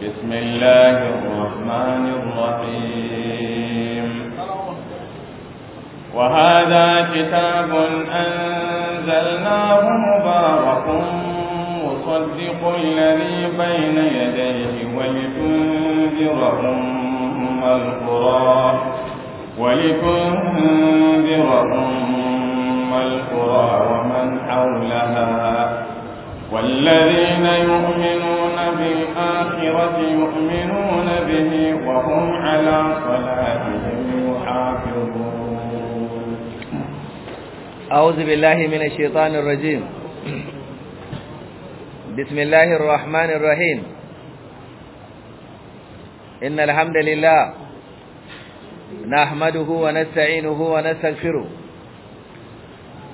بسم الله الرحمن الرحيم وهذا كتاب أنزلناه مبارك مصدق الذي بين يديه ولتنذر أم القرى ولتنذر أم القرى ومن حولها والذين يؤمنون بالآخرة يؤمنون به وهم على صلاتهم يحافظون أعوذ بالله من الشيطان الرجيم بسم الله الرحمن الرحيم إن الحمد لله نحمده ونستعينه ونستغفره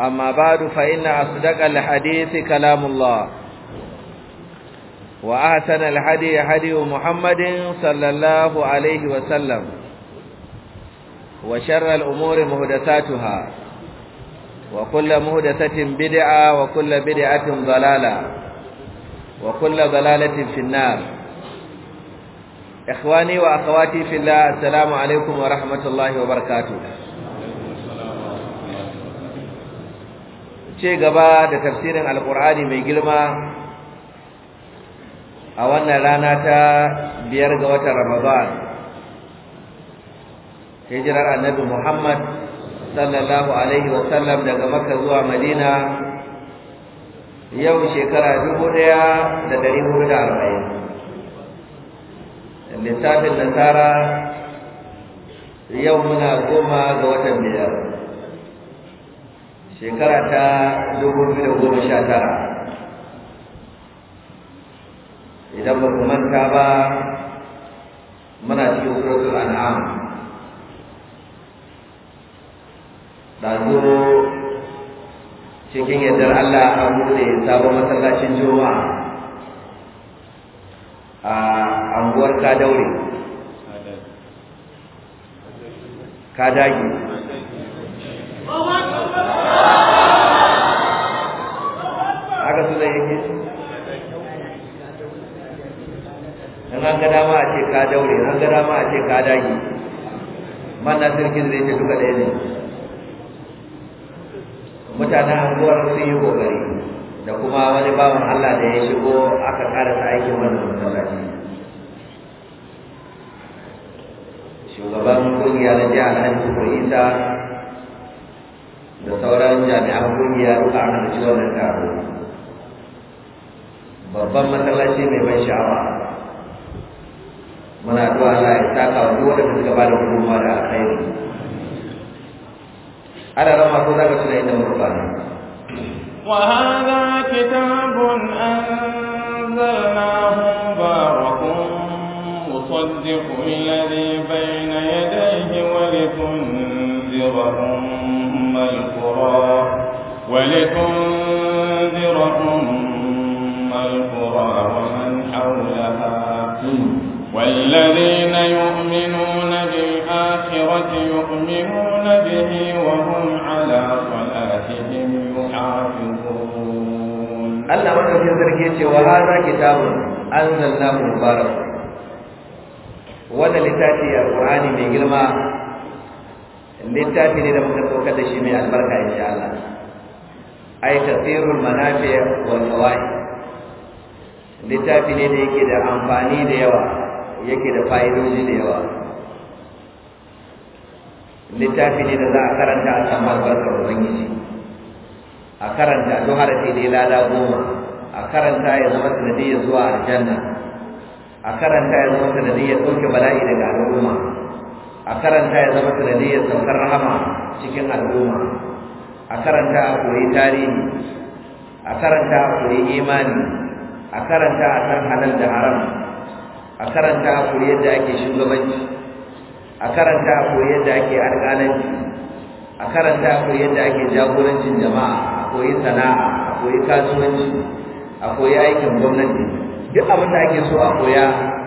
أما بعد فإن أصدق الحديث كلام الله وأحسن الحدي حدي محمد صلى الله عليه وسلم وشر الأمور مهدساتها وكل مهدسة بدعة وكل بدعة ضلالة وكل ضلالة في النار إخواني وأخواتي في الله السلام عليكم ورحمة الله وبركاته ce gaba da tafsirin alkur'ani mai girma a wannan rana ta biyar ga watan ramadan hijirar annabi muhammad sallallahu alaihi wasallam daga makka zuwa madina yau shekara dubu ɗaya da dari hudu da arba'in lissafin nasara yau muna goma ga watan biyar shekara ta dubu da goma sha tara idan ba ku manta ba muna cikin suratul an'am ɗazu cikin yadda Allah an bude sabon masallacin juma'a a anguwar kadaure kadagi malam yake ci in an ga dama a ce ka daure in an ga dama a ce ka dage manna sirkin zai ce duka ɗaya ne mutanen anguwar sun yi kokari da kuma wani bawan Allah da ya shigo aka karasa aikin wannan masallaci shugaban kungiya na jihar Alhaji Isa da sauran jami'an kungiya duka an halarci wannan taro babban ne mai ban sha'awa muna addu'a Allah ta kawo duk wanda suka bada gudunmawa da yi. ana rama ko zaka tuna inda muka fara وهذا كتاب أنزلناه مبارك مصدق الذي بين يديه ولتنذر أم القرى ولتنذر أم والقرى ومن حولها والذين يؤمنون بالآخرة يؤمنون به وهم على صلاتهم يحافظون الله مكتب تركيتي وهذا كتاب أنزلناه مبارك wannan littafi a ƙur'ani mai girma littafi ne da muka da shi mai albarka insha Allah ai tasirul manafi wal fawaid littafi ne da yake da amfani da yawa yake da fa'idoji da yawa littafi ne da za a karanta a samu albarkar ubangiji a karanta to harafi ne lada goma a karanta ya zama sanadiyar zuwa aljanna a karanta ya zama sanadiyar ɗauke bala'i daga al'umma a karanta ya zama sanadiyar saukar rahama cikin al'umma a karanta a koyi tarihi a karanta a koyi imani a karanta a san halal da haram a karanta a koyi yadda ake shugabanci a karanta a koyi yadda ake alƙalanci a karanta a koyi yadda ake jagorancin jama'a a koyi sana'a a koyi kasuwanci a koyi aikin gwamnati duk abin da ake so a koya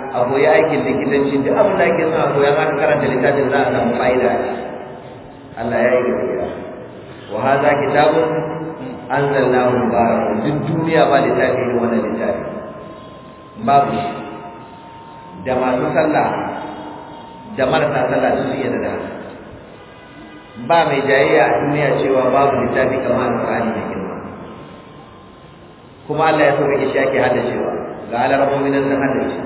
a koyi aikin likitanci duk abin da ake so a koya ma karanta littafin za a samu fa'ida Allah ya yi gaskiya wa hadha kitabun anzalna mubarak duk duniya ba tafi ne wannan littafi babu shi da masu sallah da marasa sallah su iya da ba mai jayayya a duniya cewa babu littafi kamar alƙur'ani da girma kuma Allah ya so rike shi hada cewa ga alarmomi nan sun shi.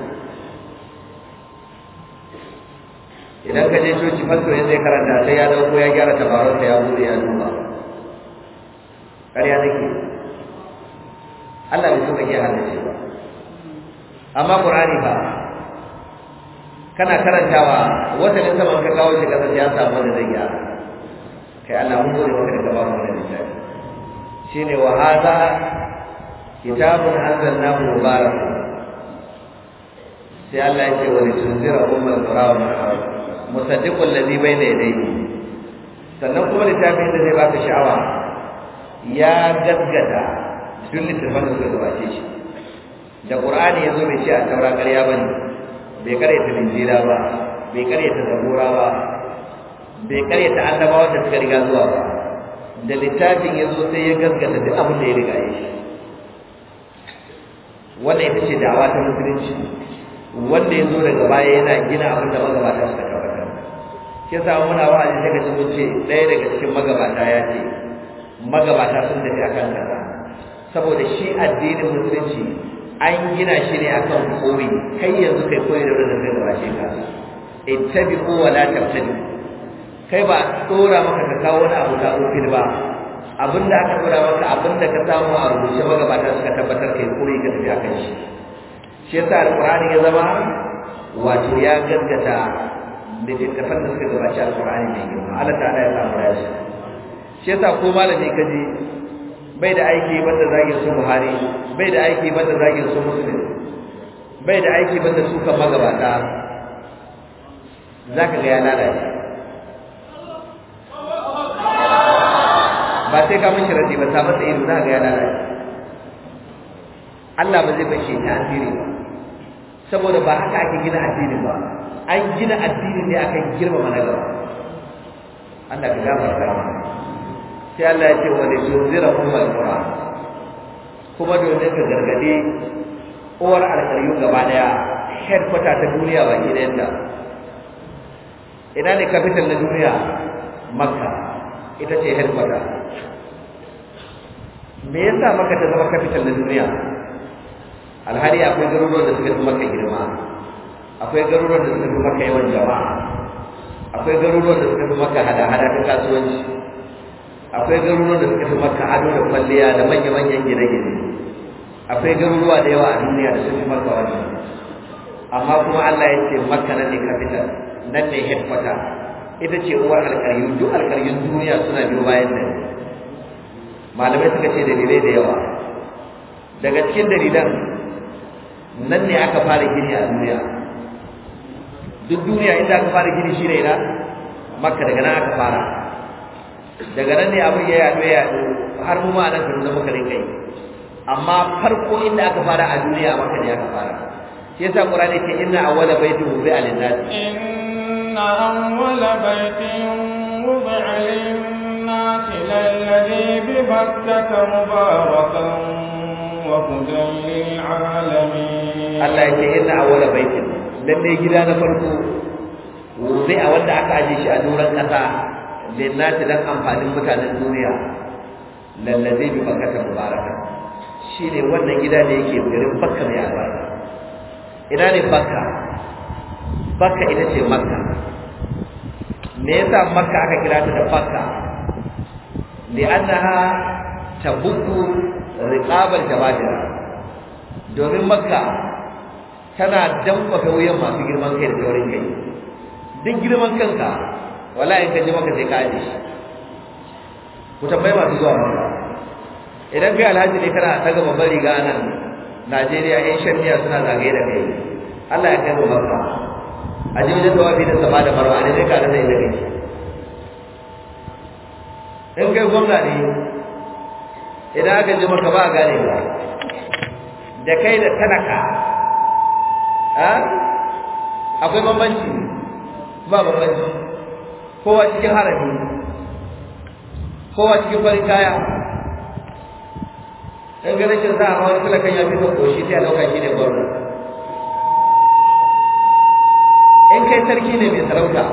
idan ka je coci fasto ya zai karanta sai ya dauko ya gyara tabarunsa ya bude ya duba ƙarya nake Allah bai so iya haddace ba amma Qur'ani ba kana karantawa wata ne saman ka kawo shi kasar ya samu wani zai gyara kai Allah mun gode maka da gaba mu da littafi shine wa hadha kitabun anzalnahu mubarak sai Allah yake wani tunzira ummul qura wa musaddiqul ladhi bayna yadayhi sannan kuma littafin da zai baka sha'awa ya gaggada duk littafin da suka gabace shi da qur'ani zo bai ce a taura ƙarya ba ne bai ta linjira ba bai ta zabura ba bai ta annabawa da suka riga zuwa ba da littafin ya zo sai ya gaggada duk abin da ya riga yi Wanda wannan ita ce dawa ta musulunci wanda ya zo daga baya yana gina abin da magabata suka tabbatar shi yasa muna wa'azi daga cikin ce ɗaya daga cikin magabata ya ce magabata sun tafi kan kaza saboda shi addinin musulunci an gina shi ne akan kowai, kai yanzu kai koyi da wanda zai gabace ka ittabi'u wa la tabtadi kai ba tsora maka ka kawo wani abu ka ofil ba abinda aka tsora maka abinda ka samu a rubuce magabata suka tabbatar kai koyi ka tafi kan shi shi yasa alqur'ani ya zama wato ya gaggata littattafan da suka gabace alqur'ani mai girma Allah ta'ala ya samu rayuwa shi yasa ko malami kaje bai da aiki banda zagin su buhari bai da aiki banda zagin su muslim bai da aiki banda su kan magabata zaka ga ya lalace ba sai ka mishi radi ba ta masa irin za ga ya lalace Allah ba zai bashe ta asiri ba saboda ba haka ake gina addini ba an gina addini ne akan girmama na Allah ka gafarta mana sai Allah ya ce wa li tunzira ummul qura kuma domin ka gargadi uwar alƙaryu gaba daya headquarter ta duniya baki ɗayanta ina ne capital na duniya makka ita ce headquarter me yasa makka ta zama capital na duniya alhari akwai garuruwan da suka fi maka girma akwai garuruwan da suka fi maka yawan jama'a akwai garuruwan da suka fi maka hada-hada ta kasuwanci akwai garuruwa da suka fi maka ado da kwalliya da manya-manyan gine-gine akwai garuruwa da yawa a duniya da suka fi maka wani amma kuma Allah ya ce maka nan ne capital nan ne headquarter ita ce uwar alkaryu duk alƙaryun duniya suna biyo bayan nan malamai suka ce dalilai da yawa daga cikin dalilan nan ne aka fara gini a duniya duk duniya inda aka fara gini ne ina makka daga nan aka fara daga nan ne abin ya yaɗo ya yaɗo har mu ma'anar nan kan zama karin kai amma farko inda aka fara a duniya a maka ne aka fara shi yasa qur'ani ina inna awwala baitin wubi'a a nas inna awwala baitin wuzi a nas lalladhi bi bakkata mubarakan wa hudan lil-alamin Allah yake inna awwala baitin Lallai gida na farko a wanda aka aje shi a doran kasa linnati dan amfanin mutanen duniya lallazi bi bakkata mubaraka shine wannan gida da yake garin bakka mai albarka ina ne bakka bakka ita ce makka me yasa makka aka kira ta da bakka li'annaha tabuku riqabal jabadira domin makka tana damfafa wuyan masu girman kai da taurin kai duk girman kanka Wala ka je maka sai ka aje shi ku tambaye masu zuwa maka idan kai alhaji ne kana ta gaba bari ga nan Najeriya yan shanniya suna zagaye da kai Allah ya kai mu maka a ji wajen tawafi da sama da marwa ne zai kare zai zai in kai gwamna ne idan aka ji maka ba a gane ba da kai da tanaka ah, akwai bambanci ba bambanci kowa cikin harafi kowa cikin farin kaya in ga rashin sa hawa kula kan yafi fi ka koshi sai a ɗauka shi ne gwamna in kai sarki ne mai sarauta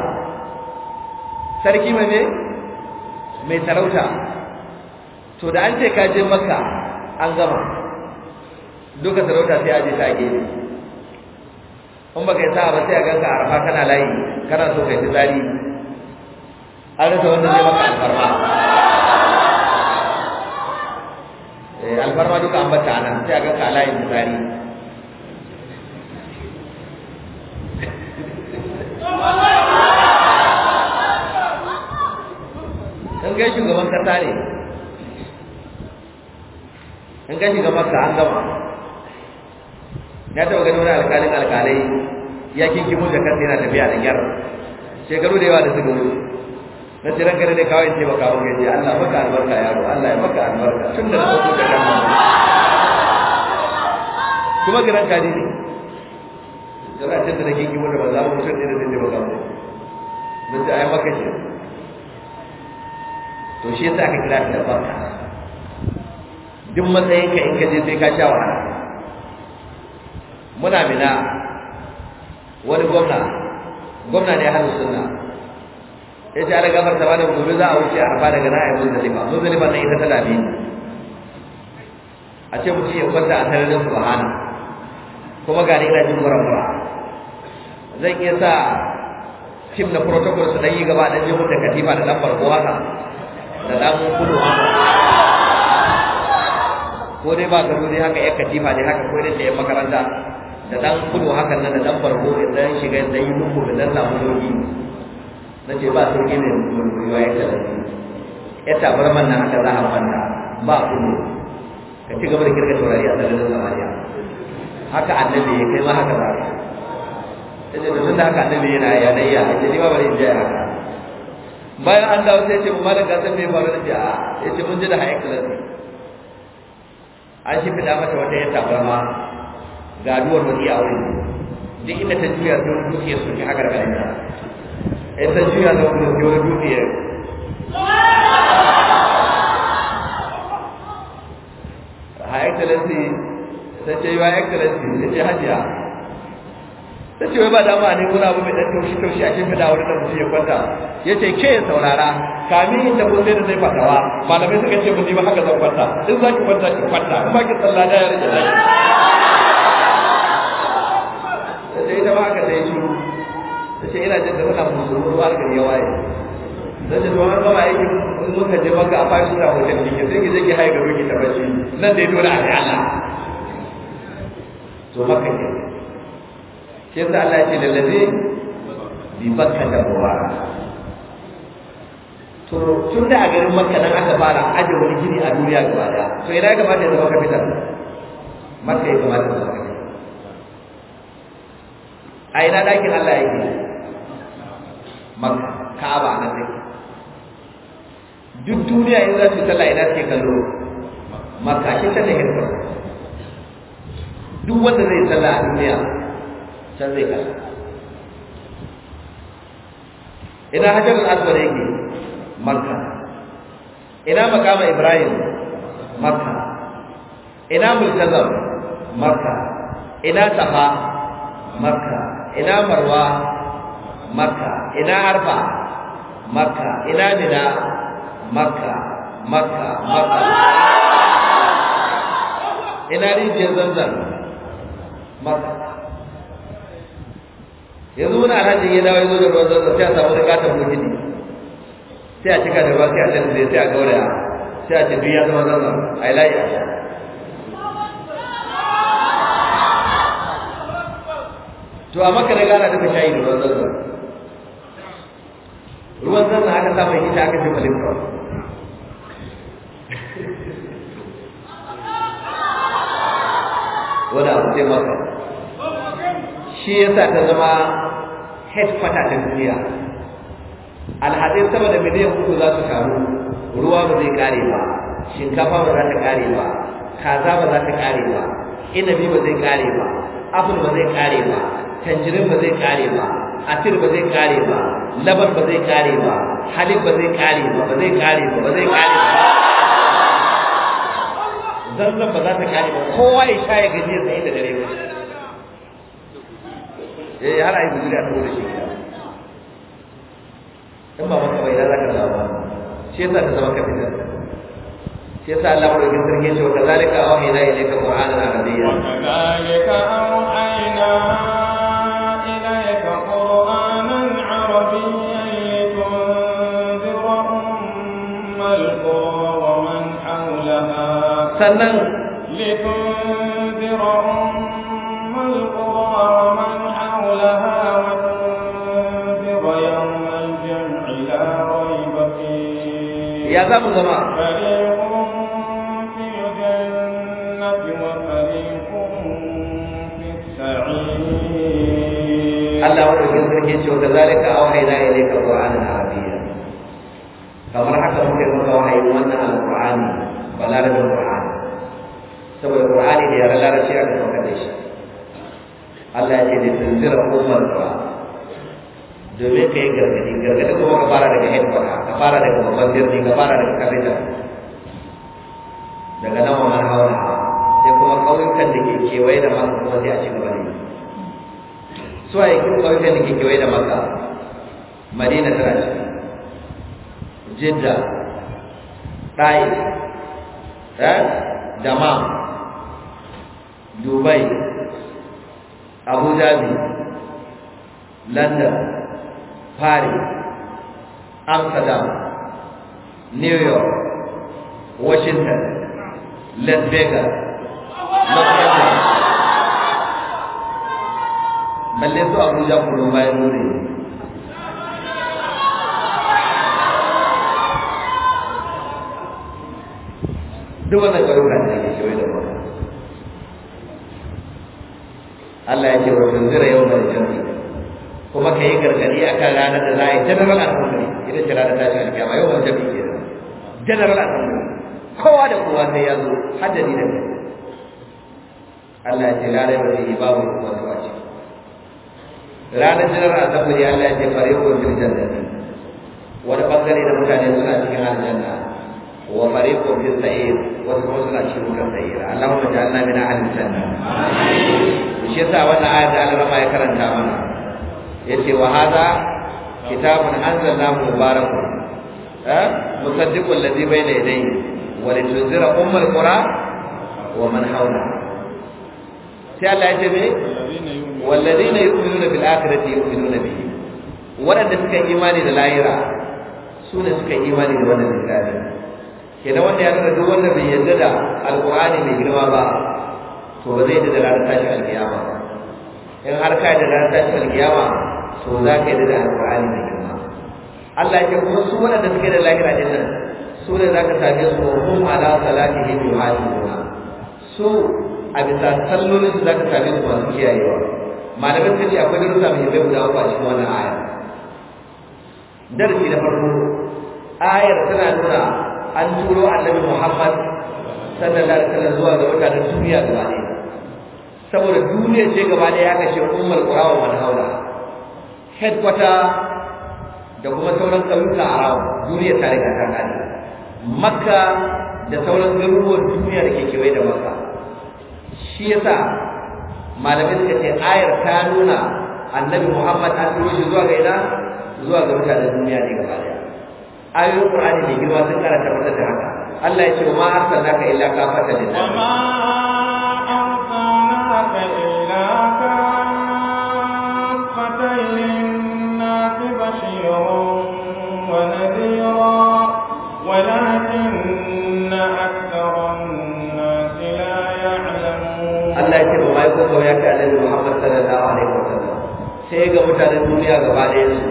sarki mai mai sarauta to da an ce ka je maka an gama duka sarauta sai a je ta gefe in ba kai sa'a ba sai a ganka a rafa kana layi kana so kai fitsari an rasa wanda zai maka alfarma eh, alfarma duka an bata nan sai a ga ka layin misali in kai shugaban kasa ne in kai shugaban ka an gama ya taɓa gani wani alkalin alkalai ya kinki mu da kansa yana tafiya da gyara shekaru da yawa da suka wuce na ce ranka da kawai ce baka aure gaji. ce Allah maka albarka yaro Allah ya maka albarka tun da na da ka gama kuma ga ranka ne ne jira ce da nake kimo da ba za mu mutum ne da zai baka aure na ce ai maka ce to shi yasa aka kira ka da barka duk matsayinka in ka je sai ka sha wahala muna mina wani gwamna gwamna ne ya hana sunna sai ta daga farta ba da gobe za a wuce a ba daga zalima muzdalifa zalima na ita ta dame a ce mutum ya kwanta a sararin subhana kuma gani ina jin murabba zan iya sa tim na protocol su dan yi gaba dan je mutum katifa da lambar farko haka da dan kudu haka ko dai ba gado ne haka yan katifa ne haka ko da yan makaranta da dan kudu hakan nan da dan farko dan shiga da yi lungu da dan lamulogi na ce ba sauƙi mai murmurewa ya talabi ya tabar manna haka za a manna ba kuma ka ci gaba da kirga taurari a tsarin samariya haka annabi ya kai ma haka ba ta ce da da haka annabi yana yanayya ya ce ni ba bari jiya jaya haka bayan an dawo sai ce mu malam gasar mai faru da ce a ya ce mun ji da high class an shi fita mata wata ya tabarma ga duwar wani a duk inda ta juya sai wani dukiyar su ki haka da ganin ya ta juya da wani ke wani ya ha excellency ta ce yiwa excellency ta ce hajiya ta ce wai ba dama ne wani abu mai ɗan taushi taushi a shimfiɗa wani da mutum kwanta Yace ke saurara kamin yin tabo sai da zai fatawa malamai suka ce mu ba haka zan kwanta in za ki kwanta ki kwanta in ba ki tsalla da ya rage da ita ba haka ta yi ce ina jin da muna musulmi har gari ya waye dan da ba ba yake in muka je maka a fashi da hotel din sai ki je ki haye ruki ta bashi nan dai dole a yi Allah to maka ke Ke yasa Allah ya ce lallabe bi bakka da ruwa to tun da a garin makka nan aka fara aje wani gini a duniya gaba daya to ina ya kamata ya zama capital makka ya kamata ya zama a ina ɗakin Allah yake maka ka'aba nan take duk duniya in za su sallah ina take kallo maka shi ta da hirka duk wanda zai sallah a duniya can zai kalla ina hajar al-aswad yake maka ina makama ibrahim maka ina multazam maka ina safa maka ina marwa maka ina arba makka ina mina makka makka makka ina rijiyar zanzan makka yanzu muna alhaji ya dawo ya zo da ruwan zanzan sai a samu da katon mutune sai a cika da ba sai a lantarki sai a gauraya sai a tafi ya zama zanzan a yi layi a sha to a maka na gana duka shayi da ruwan zanzan ruwan zan haka aka samun ita aka ce malinka kawai wani abu sai maka shi ya sa ta zama headquarter ta duniya alhadin sama da miliyan uku za su karu ruwa ba zai kare ba shinkafa ba za ta kare ba kaza ba za ta kare ba inabi ba zai kare ba apple ba zai kare ba tanjirin ba zai kare ba atir ba zai kare ba laban ba zai kare ba halin ba zai kare ba ba zai kare ba ba zai kare ba zanzan ba za ta kare ba kowa ya sha ya gaji ya tsaye da dare ba eh, yi har ai gudu da ta da shi in ba maka bai da za ka zama shi yasa ta zama ka fitar shi yasa Allah ya rubuta sarki shi wa kazalika awhayna ilayka qur'anan arabiyya wa kazalika awhayna sannan ya za mu zama Allah wa ɗauki sarki ce wata zalika a wahayi na ilai ka ƙwa'an na abiya kamar haka muke muka wahayi wannan alƙwa'ani ba na rabin da yaren larabci aka saukar da shi Allah ya ce da tunzira umar ba domin ka yi gargadi gargadi kuma ka fara daga headquarter ka fara daga babban birni ka fara daga capital daga nan wa man hawa sai kuma ƙauyukan da ke kewaye da maka kuma sai a ci gaba da su a yakin ƙauyukan da ke kewaye da maka madina tana ciki jidda da eh, dama dubai abu dhabi london paris amsterdam new york washington las vegas los balle abuja kullum bayan nuri duk wannan garuruwan ne Allah ya ce wa tunzira yau mai jami'i kuma ka yi gargadi a kan ranar da za a yi general assembly ita ce ranar tashin alkiyama yau mai jami'i ke general assembly kowa da kowa sai ya zo haddadi da kai Allah ya ce lalai ba zai yi babu wasu wace ranar general assembly Allah ya ce fare ko fil jannati wani bangare da mutane suna cikin aljanna وفريق في السعير وسكون سنة شمك السعير اللهم اجعلنا من أهل الجنة shi yasa wannan ayat da Allah ya karanta mana yace wa hada kitabun anzalnahu mubarakun eh musaddiqul ladhi bayna yadayhi wa litunzira ummul qura wa man hawla sai Allah ya ce me walladheena yu'minuna bil akhirati yu'minuna bihi suka suka wannan kenan wanda ya nuna duk wanda bai yarda da alqur'ani mai girma ba to ba zai yarda da ranar tashin alkiyama ba in har ka yarda da ranar tashin alkiyama to za ka yarda da alqur'ani mai girma Allah ya kuma su wanda suke da lahira a cikin su ne za ka same su hum ala salatihim yuhajiruna su a bisa sallolin su za ka same su masu kiyayewa malamin sai akwai darussa mai bai guda uku a cikin wannan aya darasi na farko ayar tana nuna an turo annabi Muhammad sallallahu alaihi wasallam zuwa ga mutanen duniya gaba ɗaya saboda duniya ce gaba ɗaya ya kashe ummar qura wa man haula headquarter da kuma sauran ƙauyuka a rawa duniya ta riga ta gane makka da sauran garuruwan duniya da ke kewaye da makka shi yasa malamai suka ce ayar ta nuna annabi Muhammad an turo shi zuwa ga ina zuwa ga mutanen duniya ne gaba ɗaya ayoyin Qur'ani da girma sun karanta mata da haka Allah ya ce ma arsalnaka illa kafatan lin Allah ya ce ka sai ga mutanen duniya gaba ɗaya su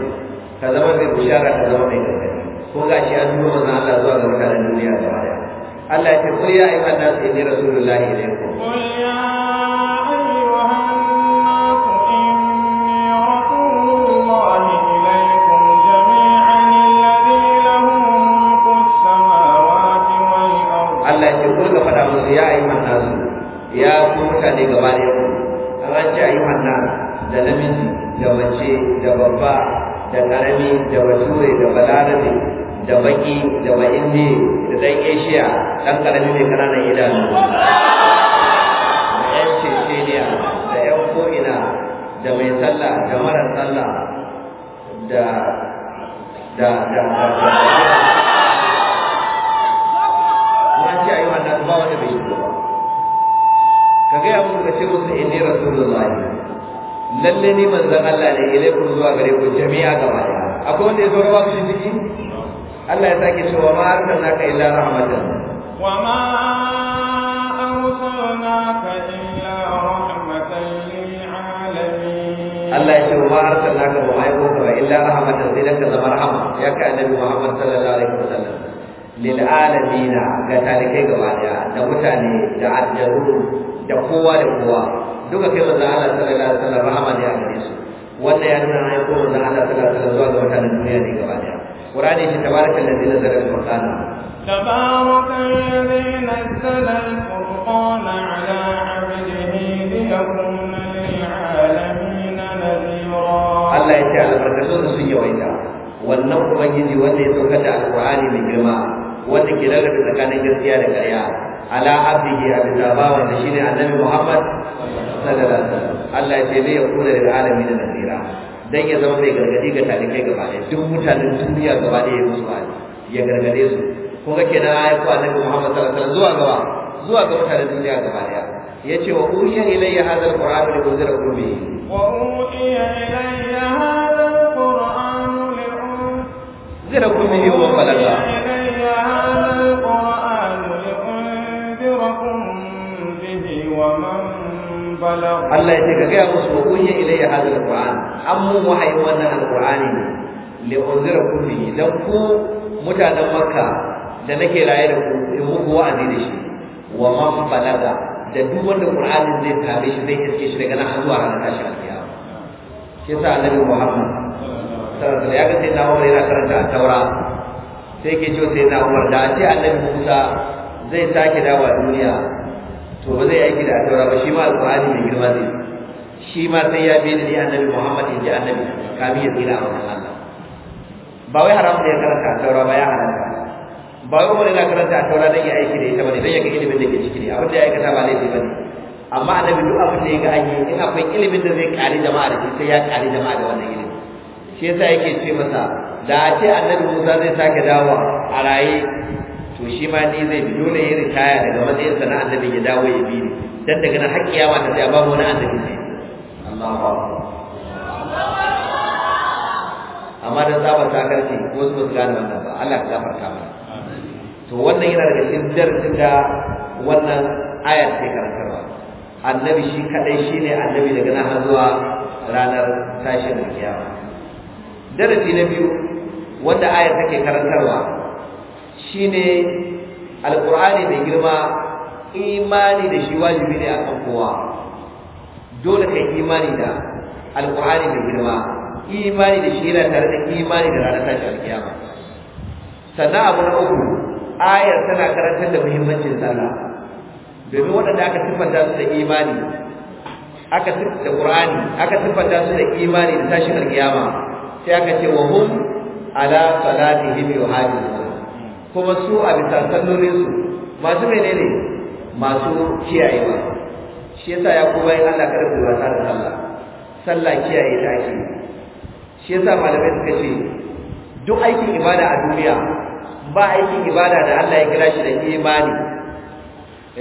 ka zama mai bishara ka zama mai gargaɗi ko ga shi an tura manzon Allah zuwa ga mutanen duniya da daya Allah ya ce qul ya ayyuhan nas inni rasulullahi ilaykum qul ya Allah ya yi qul su ya ya ku mutane gaba da ku an a yi nas da namiji da mace da babba da karami da bature da balarabe da baki da bahindi da dan asia dan karami mai kananan idanu da yan cecenia da yan ko'ina da mai sallah da marar sallah da da da da kuma ce ayi wannan ba wanda bai ba. ka ga ya muka ce musu inni rasulullahi lalle ni manzon Allah ne ilaikum zuwa gare ku jami'a gaba daya akwai wanda ya zo rawa shi ciki Allah ya sake cewa ma arsalnaka illa rahmatan wa ma arsalnaka illa rahmatan lil alamin Allah ya ce wa ma arsalnaka wa ma yuqra illa rahmatan sai da ka zama rahama ya ka annabi Muhammad sallallahu alaihi wasallam lil alamin ga talikai gaba daya da mutane da addaru da kowa da kowa duka kai manzo Allah sallallahu alaihi wasallam rahama ne a gare su wannan ya nuna ya ko manzo Allah sallallahu alaihi wasallam zuwa ga mutanen duniya ne gaba daya qur'ani ce tabarakal ladzi nazzala al-furqan tabarakal ladzi nazzala al-furqan ala 'abdihi liyakuna lil'alamin nadhira Allah ya ce albarkatun sun yawaita wannan ubangiji wanda ya saukar da alqur'ani mai girma wanda ke rarrabe tsakanin gaskiya da ƙarya ala abdihi a bisa bawan da shine annabi Muhammad sallallahu alaihi wasallam Allah ya ce bai yakuna lil alamin nadira dan ya zama mai gargadi ga talibai gaba ɗaya duk mutanen duniya gaba ɗaya ya musu wa'azi ya gargade su ko kake na ya ku annabi Muhammad sallallahu alaihi wasallam zuwa gaba zuwa ga mutanen duniya gaba ɗaya yace wa uhiya ilayya hadha alquran li unzira qulubi wa uhiya ilayya hadha alquran li unzira qulubi wa balaga Allah ya ce ka gaya musu wa kunya ilayya hadal qur'an an mu wahayi wannan alqur'ani ne li unzira kulli dan ku mutanen makka da nake raye da ku in muku wa'azi da shi wa ma balaga da duk wanda qur'anin zai tare shi zai iske shi daga nan zuwa ranar tashi alkiyama ke sa annabi Muhammad sallallahu alaihi wasallam ya ga sai na Umar yana karanta taura sai ke ce sai na Umar da ce annabi Musa zai sake dawa duniya to ba zai aiki da atawara ba shi ma alqur'ani mai girma zai shi ma sai ya bi ni annabi Muhammad in ji annabi kamin ya tsira a wannan Allah ba wai haram da ya karanta atawara ba ya haramta ba wai wani na karanta atawara dan ya aiki da ita ne ne ya ga ilimin da ke ciki ne abin da ya aikata ba laifi ne amma annabi duk abin da ya ga an yi in akwai ilimin da zai kare jama'a da shi sai ya kare jama'a da wannan ilimin shi yasa yake ce masa da a ce annabi Musa zai sake dawo a raye to shi ma ni zai bi dole ya ritaya daga matsayin sana annabi ya dawo ya bi ni dan daga nan har kiyama ta tsaya babu wani annabi sai Allahu akbar amma zaba ta sakarci ko su basu gane wannan ba Allah ya gafarta mana to wannan yana daga cikin darasin da wannan ayat ke karantarwa annabi shi kadai shine annabi daga nan har zuwa ranar tashin kiyama darasi na biyu wanda ayat take karantarwa shine alqur'ani mai girma imani da shi wajibi ne akan kowa dole kai imani da alqur'ani mai girma imani da shi yana tare da imani da ranar tashi alkiyama sannan abu na uku ayar tana karantar da muhimmancin sallah domin waɗanda aka siffanta su da imani aka siffanta qur'ani aka siffanta su da imani da tashin alkiyama sai aka ce wa hum ala salatihim yuhadithun kuma su a bisa kallolinsu masu menene masu kiyayewa shi yasa ya kuma yi Allah karfi wasa da sallah sallah kiyaye ta ake shi yasa malamai suka ce duk aikin ibada a duniya ba aikin ibada da Allah ya kira shi da imani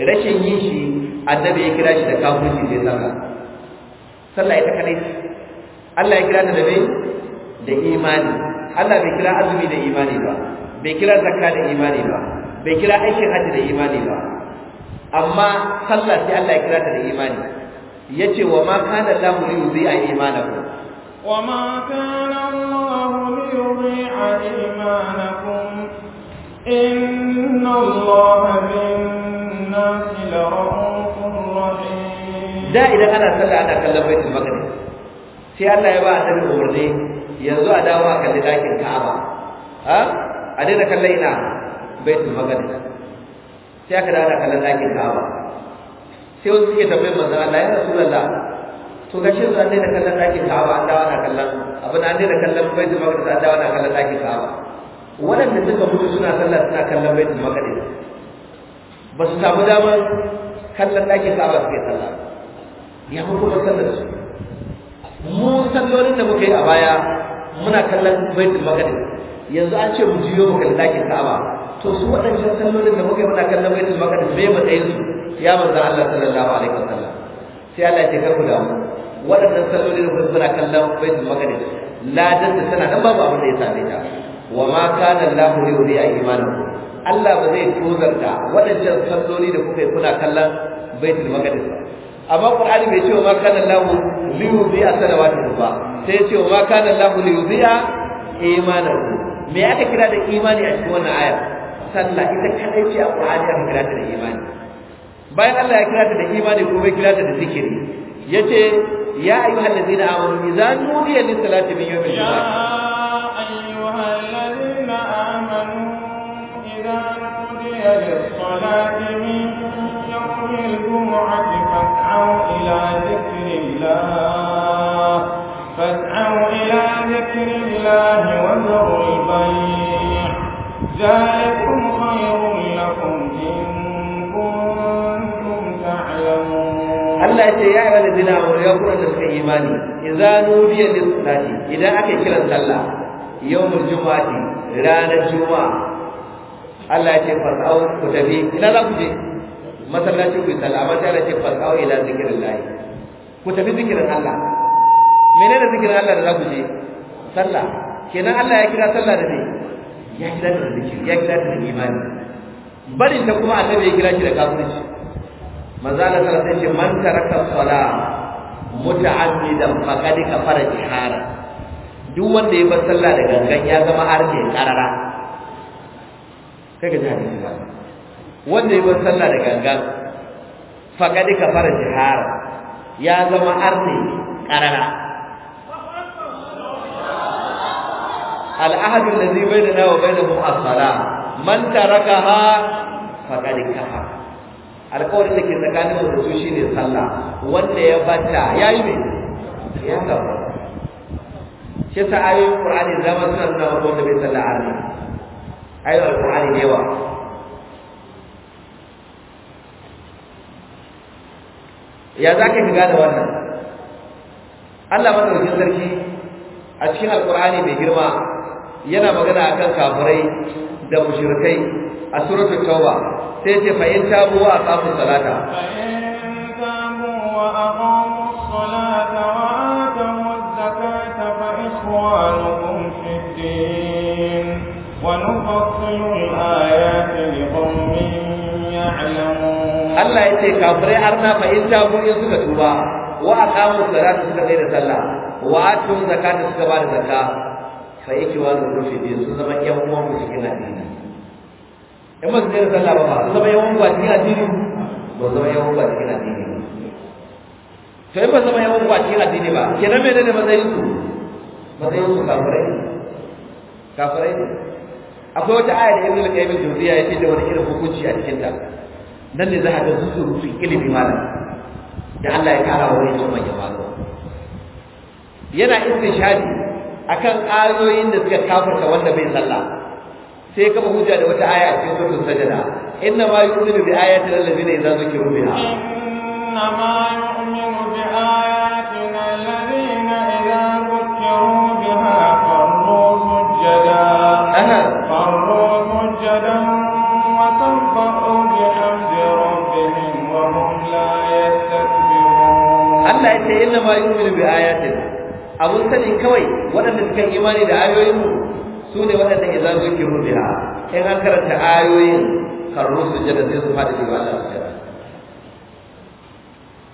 rashin yin shi annabi ya kira shi da kafirci sai sallah sallah ita kadai Allah ya kira ta da me da imani Allah bai kira azumi da imani ba bai kira zakka da imani ba bai kira aikin hajji da imani ba amma sallah sai Allah ya kira ta da imani yace wa ma kana Allahu li yudhi'a imanakum wa ma kana Allahu li yudhi'a imanakum inna Allaha bin-nasi la'ufur rahim da idan ana sallah ana kallon baitul maqdis sai Allah ya ba a sanin umarni yanzu a dawo a kalli dakin Ka'aba ha a daina kallai ina baitul maqdis sai aka dawo kallon ɗakin ka'aba sai wasu suke tambayar manzo Allah ya rasulullah to gashi yanzu an daina kallon ɗakin ka'aba an dawo ana kallon abin an daina kallon baitul maqdis an dawo na kallon ɗakin ka'aba waɗanda suka mutu suna sallah suna kallon baitul maqdis ba su samu damar kallon ɗakin ka'aba suke sallah ya fi kuma sallar su mu sallolin da muke a baya muna kallon baitul maqdis yanzu an ce mu jiyo mu kalli dakin Ka'aba to su waɗancan sallolin da muka yi muna kallon baitul maqdis bai matsayin su ya manzo Allah sallallahu alaihi wasallam sai Allah ya kafa da mu waɗannan sallolin da muna kallon baitul maqdis ladan da tana dan babu abin da ya same ta wa ma kana Allah yuriya imanakum Allah ba zai tozarta waɗancan sallolin da kuka yi kuna kallon baitul maqdis amma qur'ani bai ce wa ma kana Allah liyudhi'a salawatuhu ba sai ya ce wa ma kana Allah liyudhi'a imanakum me aka kira da imani a cikin wannan ayar sallah ita kadai ce a Qur'ani aka kira ta da imani bayan Allah ya kira ta da imani ko bai kira ta da zikiri yace ya ayyuhal ladina amanu idza nudiya lis salati min yawmil jumu'ah ya ayyuhal ladina amanu idza nudiya lis salati min yawmil jumu'ah fas'au ila dhikrillah fas'au Allah ya ce ya ga da zina wa da suka imani idza nudiya lil idan ake kiran sallah yawmul jumu'ati ranar juma'a Allah ya ce farqau ku tafi ina za ku je masallaci ku sallah amma sai Allah ya ce farqau ila zikrillah ku tafi zikrin Allah menene zikrin Allah da za ku je sallah kenan Allah ya kira sallah da ne ya kira da zikiri ya kira da imani barin ta kuma annabi ya kira shi da kafirci manzo Allah sallallahu alaihi wasallam man taraka sala muta'ammidan faqad kafara jihara duk wanda ya bar sallah da gangan ya zama arke karara kai ga hadisi ba wanda ya bar sallah da gangan faqad kafara jihar ya zama arne karara العهد الذي بيننا وبينهم الصلاة من تركها فقد كفر alƙawarin da ke tsakanin mu da su shine sallah wanda ya bata yayi me ya kafa shi yasa ayoyin Qur'ani zama suna nuna wa wanda bai sallah arni ayoyin Qur'ani da yawa ya zaka ka gane wannan Allah madaukakin sarki a cikin Alƙur'ani mai girma yana magana akan kafirai da mushrikai a suratul tauba sai ce fa in tabu wa aqamu salata Allah ya ce kafirai arna fa in tabu in suka tuba wa aqamu salata suka kai da sallah wa atu zakata suka ba da zakka fa yake wa da rufe biyu sun zama yan uwan mu cikin addini in ba su daina sallah ba sun zama yan uwan cikin addini ba zama yan uwan cikin addini ba to ba zama yan uwan cikin addini ba kenan menene matsayin su matsayin su kafirai kafirai ne akwai wata aya da ibnu al-qayyim al-jawziyya yace da wani irin hukunci a cikin ta nan ne za ka ga zuzuru su ilimi malam da Allah ya kara wa wani tsoman yana istishadi akan ayoyin da suka kafirta wanda bai sallah sai kafa hujja da wata aya a cikin suratul sajada inna ma yu'minu bi ayati allazina idza zukiru biha inna ma yu'minu bi ayatina allazina idza zukiru biha farru sujada farru sujada wa sabbahu bihamdi rabbihim wa hum la yastakbirun Allah ya ce inna ma yu'minu bi ayatina abun sanin kawai waɗanda suka yi imani da ayoyinmu su ne waɗanda idan zukiru biha in an karanta ayoyin karru su jada sai su faɗi ga Allah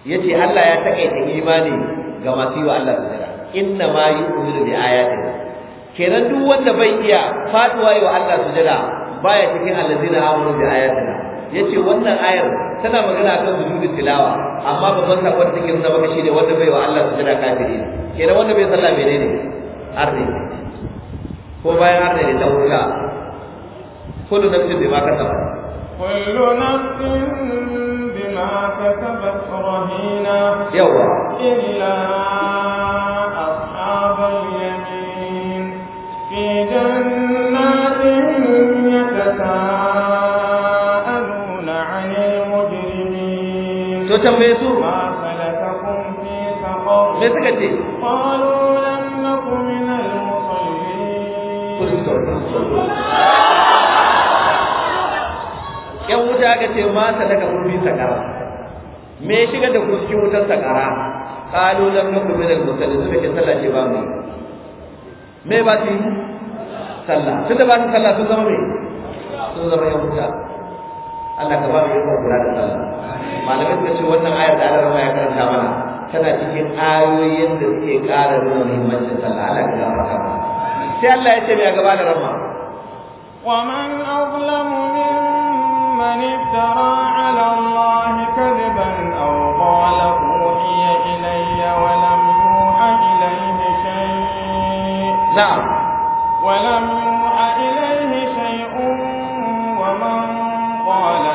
Ya yace Allah ya taƙaita imani ga masu yi wa Allah sujada inna ma yu'minu bi ayatina kenan duk wanda bai iya faduwa yi wa Allah jira, baya cikin allazina amuru bi Ya yace wannan ayar tana magana akan sujudu tilawa amma babban sakon cikin na baka ne wanda bai wa Allah sujada kafiri kenan wanda bai sallah menene an rene ko bayan an rene ta wuta kullu nafsin bima kasabat kullu nafsin bima kasabat rahina yawa illa ashabal yamin fi jannatin yatasaaluna 'anil mujrimin to tambaye su ma salakakum fi saqar me suka ce qalu yan wuta aka ce ma salaka kurbi sakara me shiga da ku wutar sakara qalu lam nakum min al-musallin suka ce sallah ce ba mu me ba su sallah da ba su sallah sun zama me sun zama yan wuta Allah ka ba mu yawan kula da sallah malamai suka ce wannan ayar da Allah ya karanta mana tana cikin ayoyin da suke ƙara nuna muhimmancin sallah Allah ka gafarta mana sai Allah ya ce mai gaba da rama ومن أظلم ممن افترى على الله كذبا أو قال أوحي إلي ولم يوحى إليه شيء نعم ولم يوحى إليه شيء ومن قال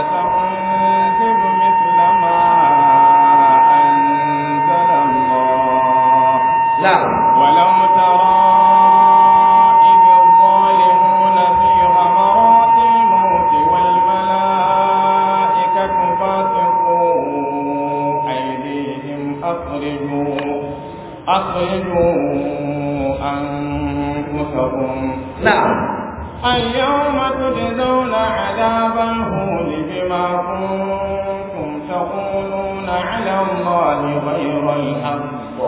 نعم اليوم تجزون عذاب الهون بما كنتم تقولون على الله غير الحق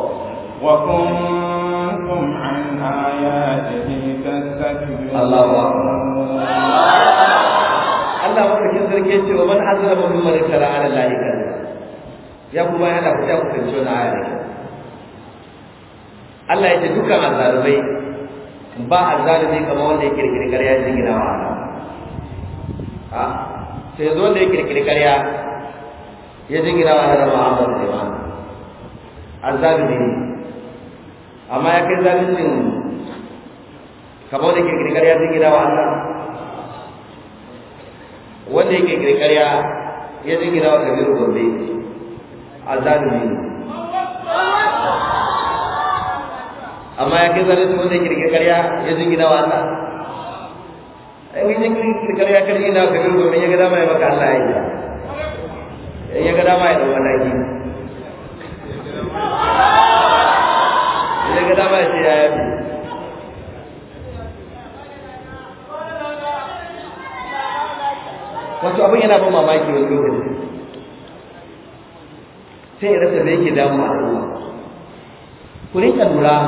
وكنتم عن آياته تستكبرون الله أكبر Allah madaukin sarki ce wa man azlama mimman iftara ala Allahi kadhiba ya kuma yana ku ya ku kanci wannan aya Allah ya ce dukkan azzalumai ba azzalimi kamar wanda ya kirkiri karya ya gina wa Allah a sai zo wanda ya kirkiri karya ya jingina wa Allah Muhammad ne ma azzalimi ne amma ya kai zalincin kamar wanda ya kirkiri karya ya gina wa Allah wanda ya kirkiri karya ya jingina wa Kabiru Gombe azzalimi ne amma ya kai zarar wanda kirkir karya ya jingina wa Allah ai wani kirkir karya kan yi na kabir domin ya gada mai ya maka Allah ya yi ya ga dama ya dauka laki ya ga dama ya ya yafi wato abin yana ban mamaki wani lokaci sai ya rasa da yake damu a ruwa ku rinka lura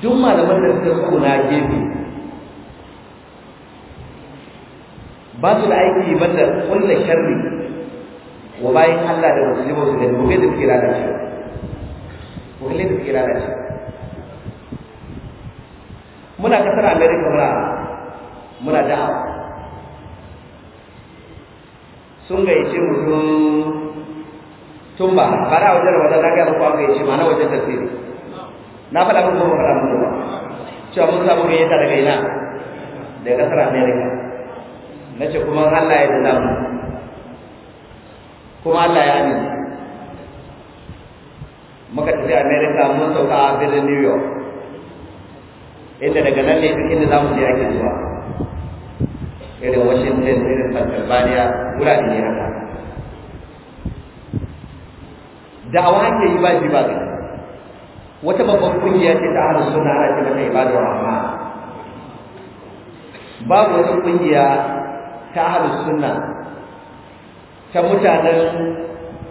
duk malaman da suka na gefe ba su da aiki banda kulle sharri wa bayan Allah da wasu, jibo su da gobe da suke lalace gobe da suke lalace muna kasar America muna muna da sun gaishe mutum tun ba bara wajen ramadan na gaya muku an gaishe ma na wajen tasiri na faɗa muku kuma faɗa muku ba cewa mun samu gayyata daga ina daga ƙasar america na ce kuma allah ya da mu kuma allah ya amince muka tafi america mun sauka a birnin new york inda daga nan ne duk inda za mu je ake zuwa irin washington irin pennsylvania wurare ne haka da'awa ke yi ba ji ba gani wata babban kungiya ce ta ahlus sunna ana ce mata ibadur rahman babu wata kungiya ta ahlus sunna ta mutanen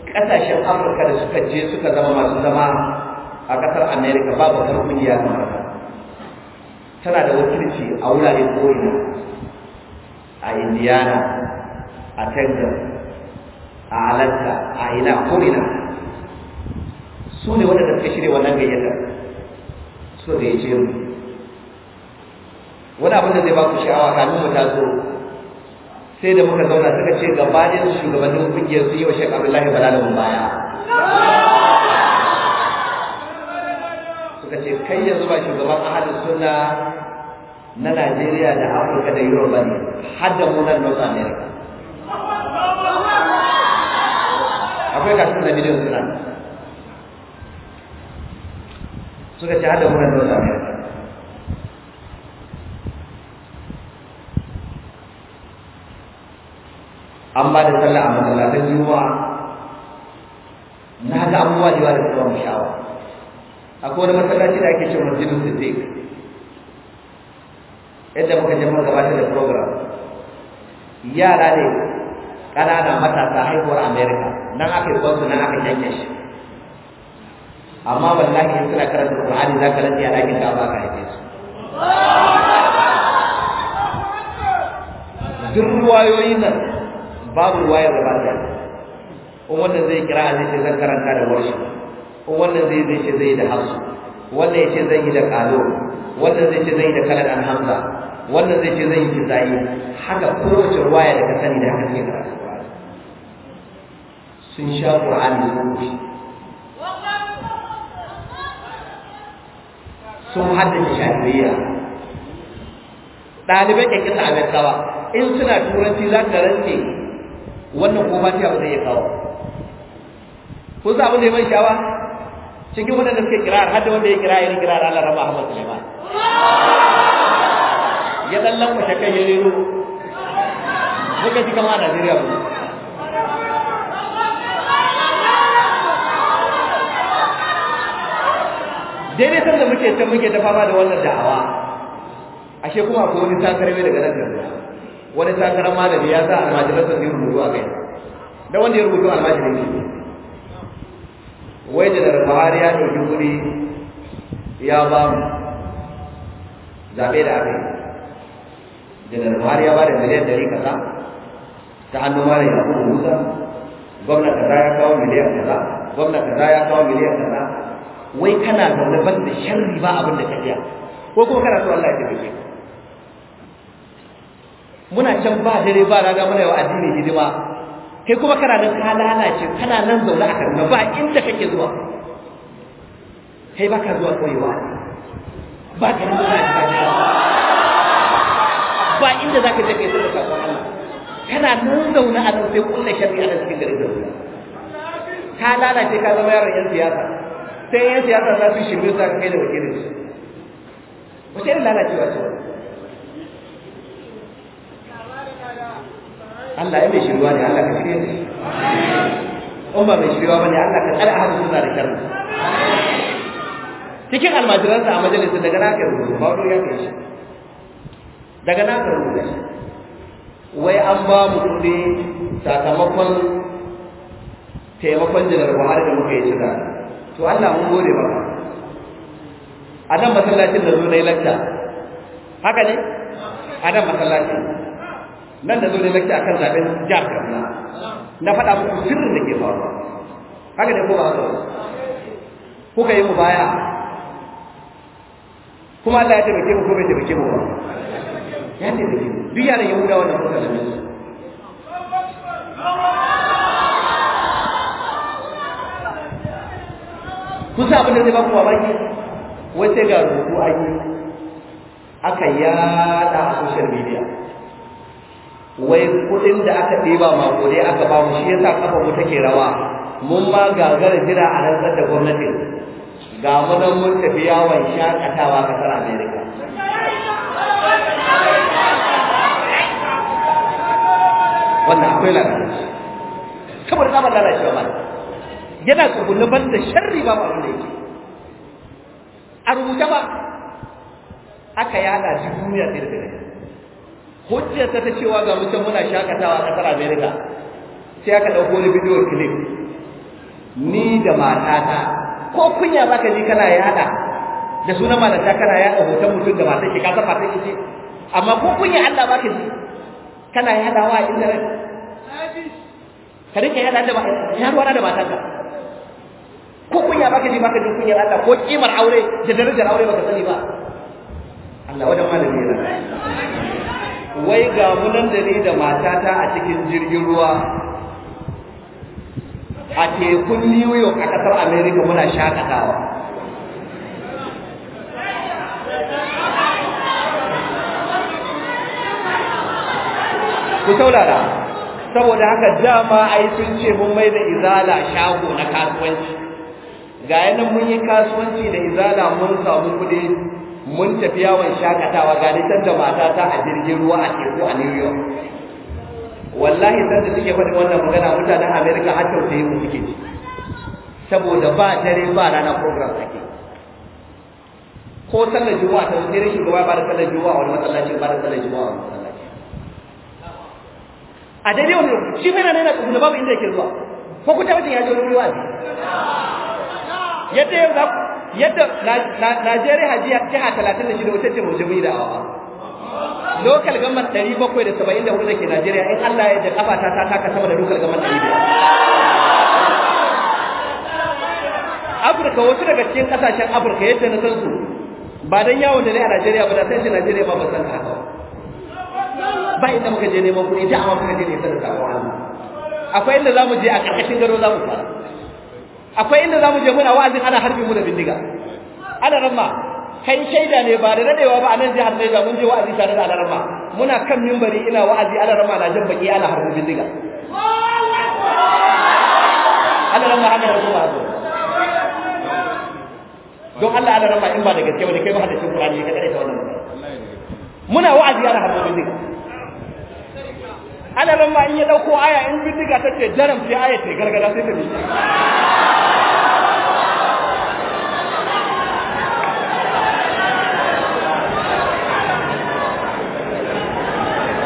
kasashen Afirka da suka je suka zama masu zama a kasar America babu wata kungiya ta ta tana da wakilci a wurare ko'ina a Indiana a Texas a Alaska a ina ko'ina su ne waɗanda suka shirya wannan gayyata so da ya ce mu wani abin da zai ba ku sha'awa kamin mu taso sai da muka zauna suka ce gabanin ɗayan shugabannin kungiyar su yi wa shek abdullahi balalabin baya suka ce kai yanzu ba shugaban ahalin sunna na najeriya da afirka da ba ne har da mu north america akwai kasu na bidiyon suna suka ci hada wurin dole wani an ba da sallah a masallatan juma'a na haka abubuwa da yawa da suka mu sha'awa akwai wani masallaci da ake cewa masjidin siddiq yadda muka je muka gabatar da program yara ne ƙanana matasa haihuwar amerika nan aka yi kwansu nan aka yanke shi amma wallahi in suna karanta Qur'ani za ka rantsi a ɗakin ka ba ka haife su duk ruwayoyin nan babu ruwayar da ba ta in wannan zai kira a zai zan karanta da wasu, in wannan zai zai ce zai da hasu, wannan ya ce zai yi da kalo wannan zai ce zai yi da kalan an hamza wannan zai ce zai yi kisayi haka kowace ruwaya da ka sani da haka suke karatu sun sha Qur'ani sun kushe sun haddace shafi'iyya ɗalibai ke kisa amerikawa in suna turanci za ka rantse wannan ko ba ta zai iya kawo kun sa abin da ya man shawa cikin da suke kirar har da wanda ya kira yin kira Allah raba Ahmad Suleiman ya dan lankwashe kai ya lero muka shi kama a Najeriya ba daidai sanda muke can muke ta fama da wannan da'awa ashe kuma akwai wani takarar mai daga nan da wani takarar malami ya sa almajiran sun yi rubutu a kai da wanda ya rubutu almajirin shi wai da buhari ya ɗauki kuɗi ya ba mu zaɓe da aka yi da buhari ya ba da miliyan ɗari kaza ta hannun mara ya kuma musa gwamna kaza ya kawo miliyan kaza gwamna kaza ya kawo miliyan kaza wai kana zaune ban da sharri ba abin da kariya ko kuma kana so Allah ya taimake muna can ba dare ba rana muna yau addini hidima kai kuma kana nan ka lalace kana nan zaune a kan ba inda kake zuwa kai ba ka zuwa koyewa ba ka zuwa ba inda za ka je kai zuwa kasuwa Allah kana nan zaune a nan sai kulle shari'a da cikin garin da ka lalace ka zama yaron yan siyasa sai yan siyasa za su shirme su aka kai da wakilin su wace irin lalacewa ce Allah ya mai shirwa ne Allah ka shirya ne in ba mai shirwa ba ne Allah ka tsara hadu suna da karni cikin almajiransa a majalisar daga naka rubutu ba wani ya kai shi daga naka rubuta shi wai an ba mu kuɗi sakamakon taimakon jinar buhari da muka yi shiga to Allah mun gode maka a nan masallacin da zo na yi lacca haka ne a nan masallacin nan da zo na yi lacca akan zaben jihar Kaduna na faɗa muku sirrin da ke faruwa haka ne ko ba haka kuka yi mu baya kuma Allah ya taimake mu ko bai taimake mu ba ya taimake mu duk yaran Yahudawa da suka lalace Kusa abin da zai ba ku mamaki wai sai ga rubutu a yi aka yada a social media wai kudin da aka ɗiba maƙudai aka ba mu shi yasa kafa mu take rawa mun ma gagar jira a rantsar da gwamnatin ga mu nan mun tafi yawon shakatawa kasar Amerika. wannan akwai lalacewa kamar zaman lalacewa mana yana tsugunne ban da sharri ba abin da yake a rubuta ba aka yada ji duniya da dare hujjar ta ta cewa ga mutum muna shakatawa a kasar America sai aka dauko wani bidiyo clip ni da matata ko kunya ka ji kana yada da sunan malata kana yada hoton mutum da matata ke, ka fata matar amma ko kunya Allah ka ji kana yadawa a inda ka rike yada da yaro da matata. ko kunya baka ji baka ji kunyar Allah ko kimar aure da darajar aure baka sani ba Allah wajen malami ne wai ga mu nan da ni da matata a cikin jirgin ruwa a tekun New York a kasar America muna shakatawa ku saurara saboda haka dama ai sun ce mun mai da izala shago na kasuwanci ga yana mun yi kasuwanci da izala mun samu kuɗi mun tafi yawon shakatawa ga nisan da matata a jirgin ruwa a teku a New York wallahi san da suke faɗin wannan magana mutanen America har tausa yi suke ji saboda ba dare ba rana program ake ko sallar juma'a ta wuce gaba ba da sallar juma'a wani masallaci ba da sallar juma'a wani masallaci a daidai wani shi na yana nuna babu inda yake zuwa ko kuta wajen ya je wani wa'azi yadda yau za ku yadda Najeriya hajiya jiha talatin da shida wata ce mu jami'i da awa local government ɗari bakwai da saba'in da hudu da ke Najeriya in Allah ya da kafa ta ta taka sama da local government ɗari biyar. Afirka wasu daga cikin ƙasashen Afirka yadda na san su ba dan yawon da ne a Najeriya ba da san shi Najeriya ba ba san ka ba inda muka je neman kuɗi da amma muka je ne sadaka wa Allah akwai inda mu je a ƙarƙashin gado mu fara akwai inda zamu je muna wa'azin ana harbi mu da bindiga ana ramma kai shaida ne ba da dadewa ba a nan jihar Niger mun je wa'azi tare da alarma muna kan mimbari ina wa'azi alarma na jan baki ana harbi bindiga alarma haka da kuma azu don Allah alarma in ba da gaske ba ne kai ba hadisin Qur'ani ka dare ta wannan muna wa'azi ana harbi bindiga alaran ma in ya dauko aya in bindiga ta ce jaram sai aya ta gargada sai ta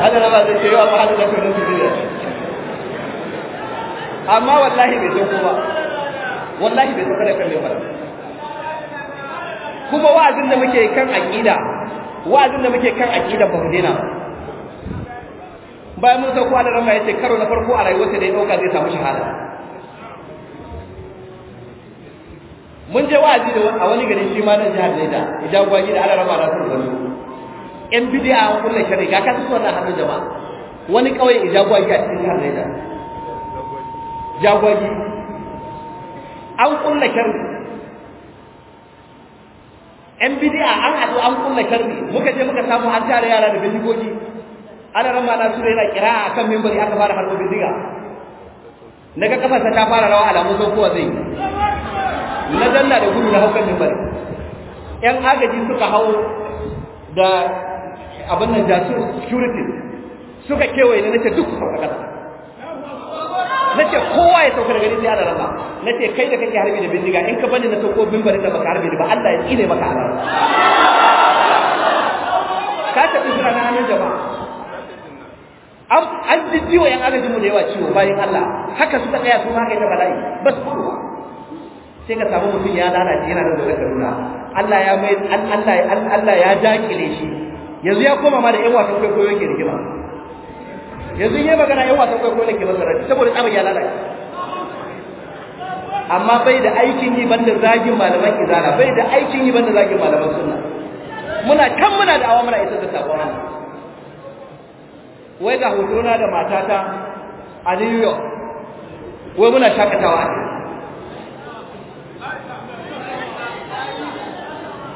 Ana alaran ma zai ce yawa ba da kuma su biya amma wallahi bai dauko ba wallahi bai sauka da kan mai fara kuma wa'azin da muke kan aqida wa'azin da muke kan aqida ba mu daina bayan mun sauko a rama ya ce karo na farko a rayuwarsa da ya ɗauka zai samu shahada mun je wa'azi da a wani gari shi ma nan jihar Leda ya jagwagi da ala rama da sun zama yan bidiya an kulle shari'a ga kasu wannan hannu jama'a wani kauye ya jagwagi a cikin jihar leda. jagwagi an kulle shari'a yan bidiya an hadu an kulle shari'a muka je muka samu an tare yara da bindigogi ana ran ma su yana kira a kan mimbari aka fara harko bidiga na ga kafarsa ta fara rawa alamu alamun saukowa zai na danna da gudu na haukan mimbari yan agaji suka hau da abin nan jasu security suka kewaye na nace duk sauka kasa nace kowa ya sauka daga nisa ana rama nace kai da kake harbi da bindiga in ka bani na sauko mimbarin da baka harbi da ba Allah ya tsine maka a ka tafi suna na hannun jama'a an an jijjiwa yan agajin mu da yawa ciwo bayan Allah haka suka tsaya su haka ta bala'i ba su kudu sai ka samu mutum ya lalace yana da zaune Kaduna Allah ya mai Allah Allah ya jakile shi yanzu ya koma ma da yan wasan kwaikwayo yake rigima yanzu yayi magana yan wasan kwaikwayo yake masa rai saboda tsabar ya lalace amma bai da aikin yi banda zagin malaman izala bai da aikin yi banda zagin malaman sunna muna kan muna da awa muna isar da sabon Allah wai ga hotona da matata a New York wai muna shakatawa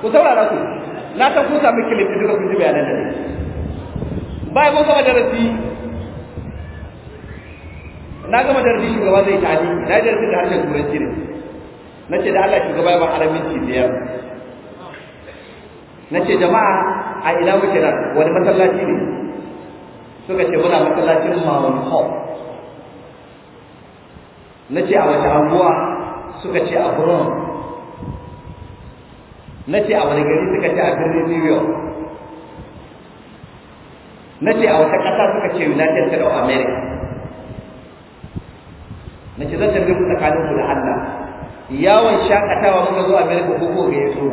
ku saurara ku na san kun sami kilifi duka kun ji bayanan da ne bayan kun gama darasi na gama darasi shugaba zai tafi na yi darasi da harshen turanci ne na ce da Allah shugaba ya ba araminci biyar na ce jama'a a ina muke nan wani masallaci ne suka ce muna masallacin mawon hall na ce a wata abuwa suka ce a burin na ce a wani gari suka ce a birnin new york na ce a wata ƙasa suka ce united states of america na ce zan tafi ku tsakanin ku da allah yawon shakatawa muka zo america ko ko ga yaso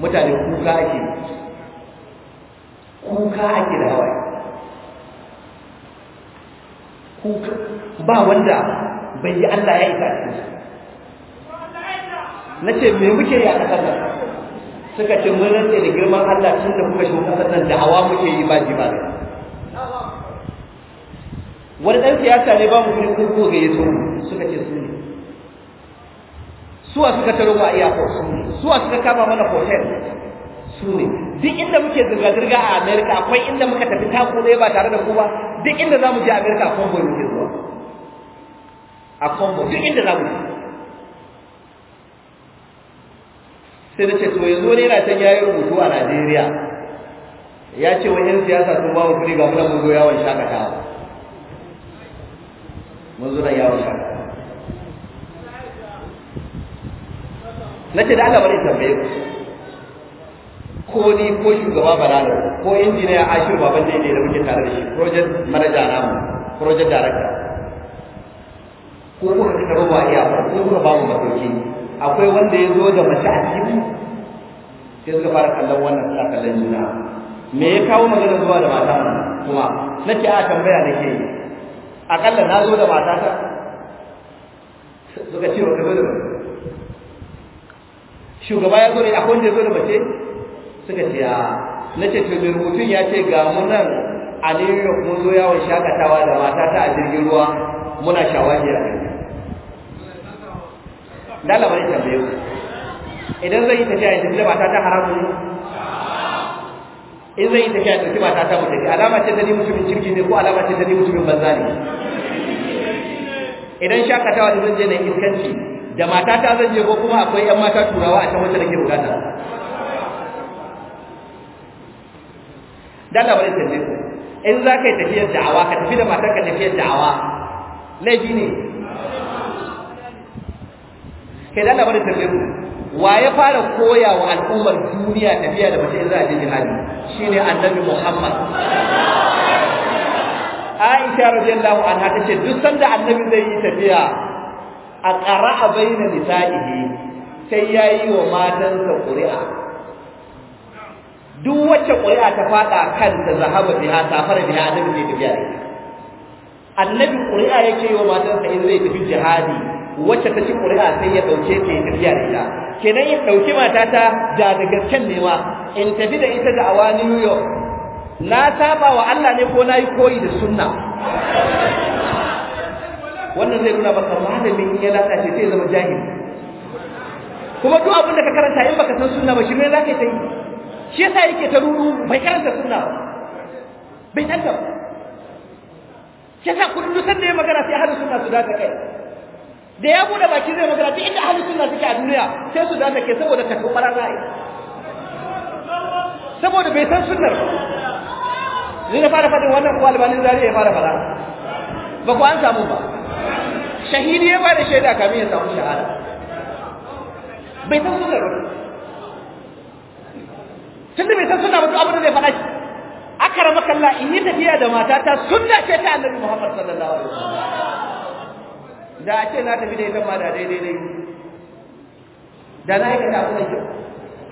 mutane kuka ake kuka ake da hawaye ba wanda bai yi Allah ya isa cikin su na ce me muke yi a ƙasar nan suka ce mun rantse da girman Allah tun da kuka shigo ƙasar nan da hawa muke yi ba ji ba wani ɗan siyasa ne ba mu kuma kurkuku ga yato suka ce su ne suwa suka taro ba iyakar su ne suwa suka kama mana hotel su ne duk inda muke zirga-zirga a america akwai inda muka tafi taku ɗaya ba tare da ku ba duk inda za mu je amerika a convoy muke zuwa a convoy duk inda za mu je sai da ce to yanzu wani yana can yayi rubutu a najeriya ya ce wa yan siyasa sun ba mu kuɗi ga muna mun zo yawon shakatawa mun zo yawon shakatawa na ce da allah bari tambaye ku ko ni ko shugaba balalo ko injiniya ba ban ne da muke tare da shi project manager namu project director ko kuka kika roba iya ko kuka ba mu makoki akwai wanda ya zo da mace a cikin sai suka fara kallon wannan suna kallon juna me ya kawo magana zuwa da mata kuma nake a tambaya nake yi akalla na zo da ta suka ce wa ka zo da shugaba ya zo ne akwai wanda ya zo da mace suka ce na ce to rubutun ya ce ga mu nan a New York mun zo yawon shakatawa da matata a jirgin ruwa muna shawagi a kai dalabar ita tambaye ku idan zai yi tafiya ya tafi ta matata haramun in zai yi tafiya ya tafi matata mu alama ce ta ni mutumin kirki ne ko alama ce ta ni mutumin banza ne idan shakatawa da zan je na iskanci da matata zan je ko kuma akwai yan mata turawa a can wacce nake bukata dan labarai tambaye ku in za ka yi tafiyar da'awa ka tafi da matarka tafiyar da'awa laifi ne kai dan labarin tambaye wa ya fara koya wa al'ummar duniya tafiya da mace in za a je jihadi shine annabi Muhammad Aisha radiyallahu anha tace duk sanda annabi zai yi tafiya a qara'a baina nisa'ihi sai yayi wa matansa ƙuri'a duk wacce ƙuri'a ta faɗa kan da zahabu biha safar biha annabi zai tafiya da ita annabi ƙuri'a yake yi wa matarsa in zai tafi jihadi wacce ta ci ƙuri'a sai ya ɗauke ta ya tafiya da ita kenan ya ɗauki matata da da gasken nema in tafi da ita da awa New York na saba wa Allah ne ko na yi koyi da sunna wannan zai nuna maka malamin ya lalace sai zama jahili kuma duk abin da ka karanta in baka san sunna ba ne za ka yi ta yi shi yasa yake ta ruru bai karanta sunna ba bai ba shi yasa kullu san da ya magana sai ahlus sunna su dace kai da ya bude baki zai magana duk inda ahlus sunna suke a duniya sai su dace kai saboda ka tobara rai saboda bai san sunna ba zai ya fara fadin wannan ko albanin zari ya fara fara? ba ku an samu ba shahidi ya bada shaida kamin ya samu shahada bai san sunna ba tunda bai san sunna ba duk abin da zai faɗa shi aka rama kalla in yi tafiya da matata sunna ce ta annabi Muhammad sallallahu alaihi wasallam da ake na tafi da ita ma da daidai dai da na aikata abin da kyau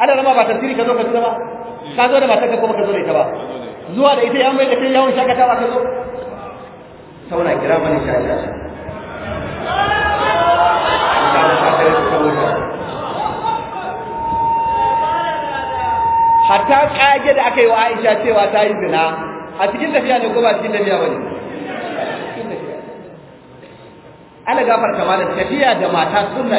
ana rama ba tafsiri ka zo ka ba ka zo da ka kuma ka zo da ita ba zuwa da ita ya mai da kai yawon shakatawa ka zo sauna kira mani shakatawa hatta kage da aka yi wa Aisha cewa ta yi zina a cikin tafiya ne ko ba cikin tafiya bane ana gafarta malam tafiya da mata sunna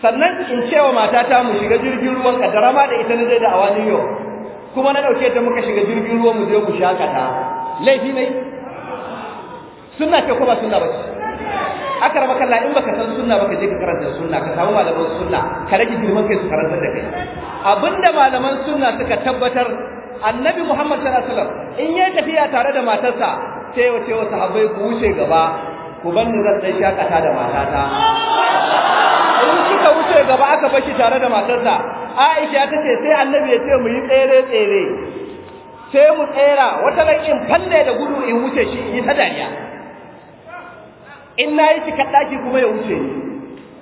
sannan in cewa matata mu shiga jirgin ruwan kadara ma da ita ne zai da awani yau, kuma na dauke ta muka shiga jirgin ruwan mu je mu shakata laifi ne sunna ce ko ba sunna ba ce aka raba kalla in baka san sunna baka je ka karanta sunna ka samu malaman sunna ka rage girman kai su karanta da kai abinda malaman sunna suka tabbatar annabi Muhammad sallallahu alaihi wasallam in yayi tafiya tare da matarsa sai wace wa sahabbai ku wuce gaba ku ban ni zan dan shakata da matata in kika wuce gaba aka bar shi tare da matarsa Aisha ta ce sai annabi ya ce mu yi tsere tsere sai mu tsera wata ran falle da gudu in wuce shi in yi ta dariya in na yi cikar ɗaki kuma ya wuce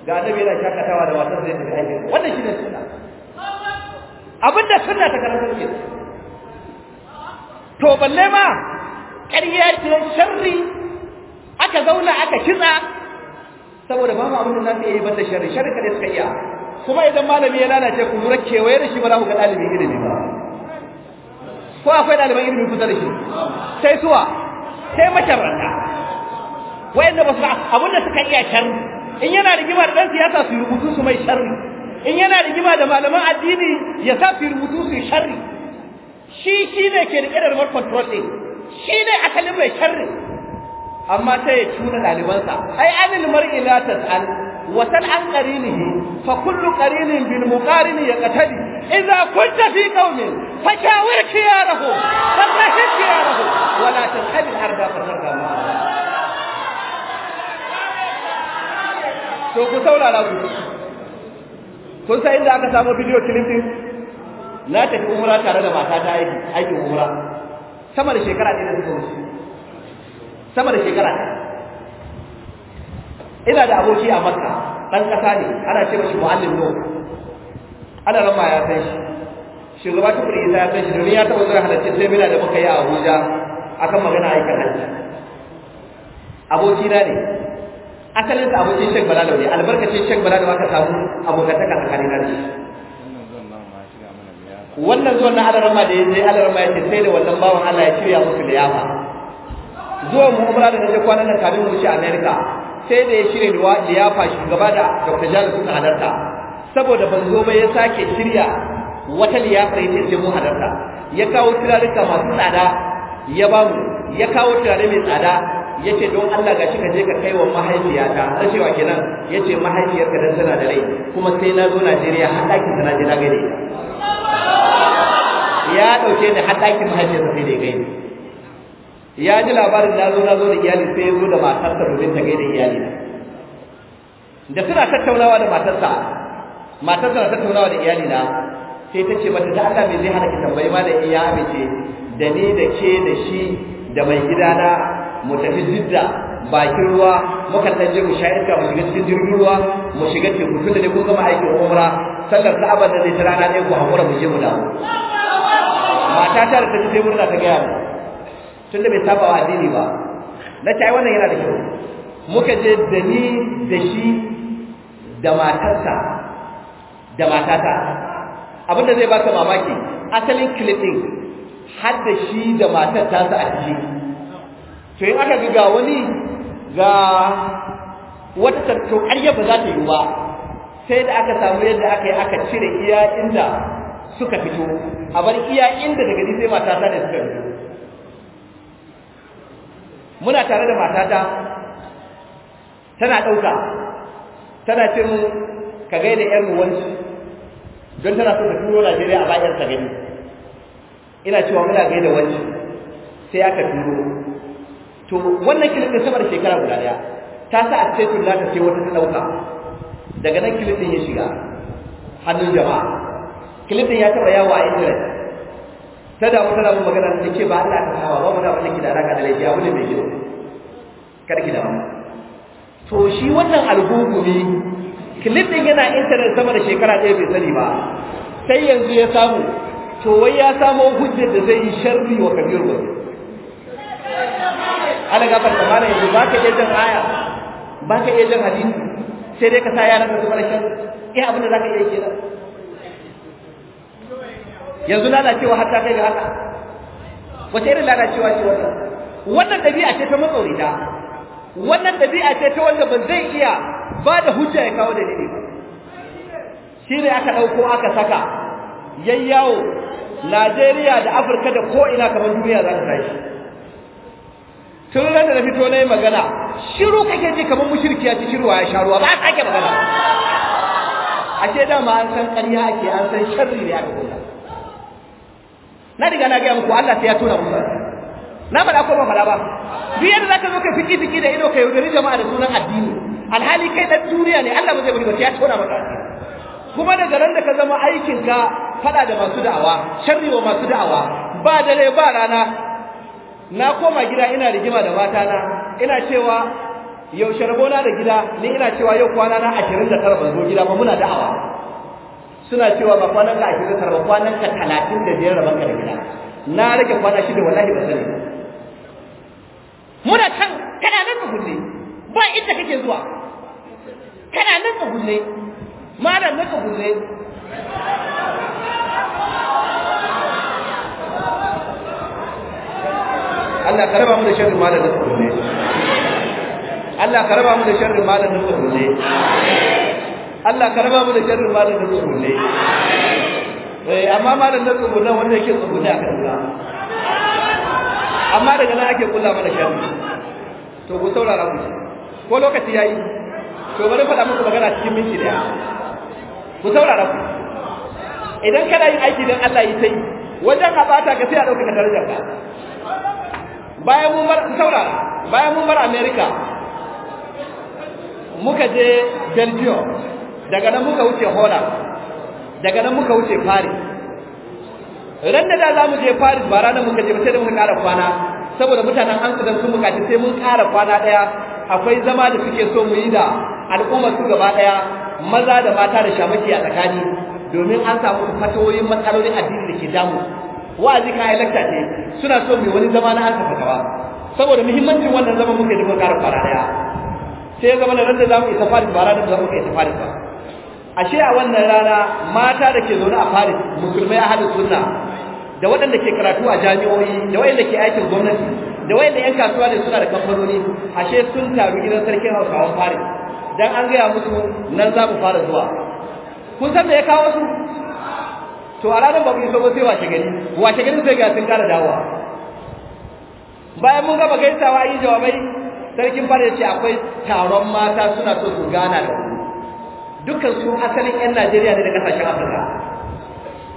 ga annabi yana shakatawa da wasan zai tafi aiki. wannan shi ne suna abin da suna ta karantar ke to balle ma ƙarya ce sharri aka zauna aka kitsa saboda ba ma abin da na su iya yi banda sharri sharri suka iya kuma idan malami ya lalace ku lura kewaye da shi ba za ku ga ɗalibin ilimi ba ko akwai ɗaliban ilimin kusa da shi sai suwa sai masharanta wayanda ba su abin da suka iya sharri in yana rigima da dan siyasa su rubutu su mai sharri in yana rigima da malaman addini ya sa su rubutu su sharri shi shi ne ke rike da remote control din shi ne asalin mai sharri amma sai ya tuna ɗalibansa ai anil mar'i la tas'al wa sal an qarinihi fa kullu qarinin bil muqarini yaqtadi idza kunta fi qaumin fa shawir khiyarahum fa shawir khiyarahum wa la tas'al al arda fa to ku saurara ku kun san inda aka samu bidiyo kilifin. na tafi umra tare da mata ta aiki aikin umra sama da shekara ɗaya da suka wuce sama da shekara ɗaya ina da aboki a makka ɗan ƙasa ne ana ce mashi mu'allim no ana ma ya san shi shugaba tukur isa ya san shi domin ya taɓa zuwa halarci semina da muka yi a abuja akan magana aikin hajji aboki na ne asalin sa abokin Sheikh Balalo ne albarkacin Sheikh da aka samu abokantaka tsakanin da shi wannan zuwan na alarama da ya je alarama ya ce sai da wannan bawan Allah ya shirya musu liyafa Zuwa mu umra da naje kwanan nan kafin mu wuce America sai da ya shirya liyafa shugaba da Dr. Jalo suka halarta saboda ban zo ba ya sake shirya wata liyafa ya ce mu halarta ya kawo turarika masu tsada ya bamu ya kawo turare mai tsada yace don Allah ga kika je ka kai wa mahaifiyata ta cewa kenan yace mahaifiyarka dan tana da rai kuma sai na zo Najeriya har ɗakin tana je na gani, ya dauke ni har ɗakin mahaifiyarsa sai da gani, ya ji labarin na zo na zo da iyali sai ya zo da matarsa domin ta gani iyali da suna tattaunawa da matarsa matarsa na tattaunawa da iyali na sai ta ce mata da Allah me zai hana ki tambayi ma da iya mace da ni da ke da shi da mai gidana mu tafi zidda bakin ruwa muka san je mu sha iska mu shiga cikin jirgin ruwa mu shiga teku tunda ne kun gama aikin umra sallar ka'aba da zai ta dai ku hakura mu je mu dawo mata ta da ta murna ta gaya mu tunda bai saba wa addini ba na ta wannan yana da kyau muka je da ni da shi da matarsa da matata abinda zai baka mamaki asalin clipping har da shi da matar tasa a ciki to in aka ga wani ga wata tattau ƙarya ba za ta yi ba sai da aka samu yadda aka yi aka cire iya inda suka fito a bar iya inda daga sai matata da suka fito muna tare da matata tana ɗauka tana ce mu ka da ƴar wanci don tana so ta turo Najeriya a bayan ta gani ina cewa muna gai da wani sai aka turo to wannan kilin din sama da shekara guda daya ta sa a cikin lata sai wata ta dauka daga nan kilin din ya shiga hannun jama'a kilin din ya taba yawo a internet ta damu tana mun magana ta ce ba Allah ta hawa ba mu da wannan kida alaka da laifiya abu ne mai kyau kada ki mu to shi wannan algugumi kilin din yana internet sama da shekara ɗaya bai sani ba sai yanzu ya samu to wai ya samo hujjar da zai yi sharri wa kabiru gobe ala gafar ta mana yanzu ba ka iya jan aya ba ka iya jan hadisi sai dai ka sa yaran da zubar shan iya abin da za ka iya kenan yanzu lalacewa har ta kai ga haka wace irin lalacewa ce wannan wannan ɗabi'a ce ta matsaurita wannan ɗabi'a ce ta wanda ban zai iya ba da hujja ya kawo dalili ba shi ne aka ɗauko aka saka yayyawo Najeriya da Afirka da ko ina kamar duniya za ta tashi tun rana da na fito na yi magana shiru kake ji kamar mushirki ya ci a ya sha ruwa ba sake magana ce dama an san ƙarya ake an san sharri ya ga kula na riga na gaya muku Allah sai ya tona musu na faɗa ko ba faɗa ba duk yadda zaka zo ka fiki fiki da ido ka yaudari jama'a da sunan addini alhali kai dan duniya ne Allah ba zai bari ba sai ya tona maka kuma daga ran da ka zama aikin ka faɗa da masu da'awa sharri wa masu da'awa ba dare ba rana na koma gida ina rigima da matana ina cewa yaushe rabona da gida ni ina cewa yau kwana na 29 ban zo gida ba muna da'awa suna cewa ba kwanan ka 29 ba kwanan ka 35 ban ka da gida na rage kwana shi da wallahi ba sani muna kan kana nan ka gulle ba inda kake zuwa kana nan ka gulle malam nan ka gulle Allah ka raba mu da sharrin malamin ne Allah ka raba mu da sharrin malamin tsubule Allah ka raba mu da sharrin malamin tsubule eh amma malamin tsubule wanda yake tsubule a kanka amma daga nan ake kula mana sharri to ku saurara ku ko lokaci yayi to bari faɗa muku magana cikin minti daya ku saurara ku idan kana yin aiki don Allah yi sai wajen a bata ka sai a ɗaukaka darajar ka bayan mun bar Saura, bayan mun bar America muka je Belgium daga nan muka wuce Holland daga nan muka wuce Paris ran da za mu je Paris ba ranar muka je ba sai da muka ƙara kwana saboda mutanen Amsterdam sun bukaci sai mun ƙara kwana ɗaya akwai zama da suke so mu yi da al'ummar su gaba ɗaya maza da mata da shamaki a tsakani domin an samu fatawoyin matsalolin addini da ke damu wa'azi ka yi lakta ce suna so mai wani zama na haka fatawa saboda muhimmancin wannan zaman muke da ƙara fara daya sai ya zama na ran da za mu isa faris ba ranar za mu isa faris ba ashe a wannan rana mata da ke zaune a faris musulmai a hadin sunna da waɗanda ke karatu a jami'o'i da waɗanda ke aikin gwamnati da waɗanda 'yan kasuwa da suna da kamfanoni ashe sun taru gidan sarkin hausawan faris dan an gaya musu nan za mu fara zuwa kun san da ya kawo su to a ranar babu iso ba sai washe gari washe gari sai ga sun kara dawowa bayan mun gaba gaisawa yi jawabai sarkin fara ce akwai taron mata suna so su gana da su dukkan su asalin yan Najeriya ne da kasashen Afirka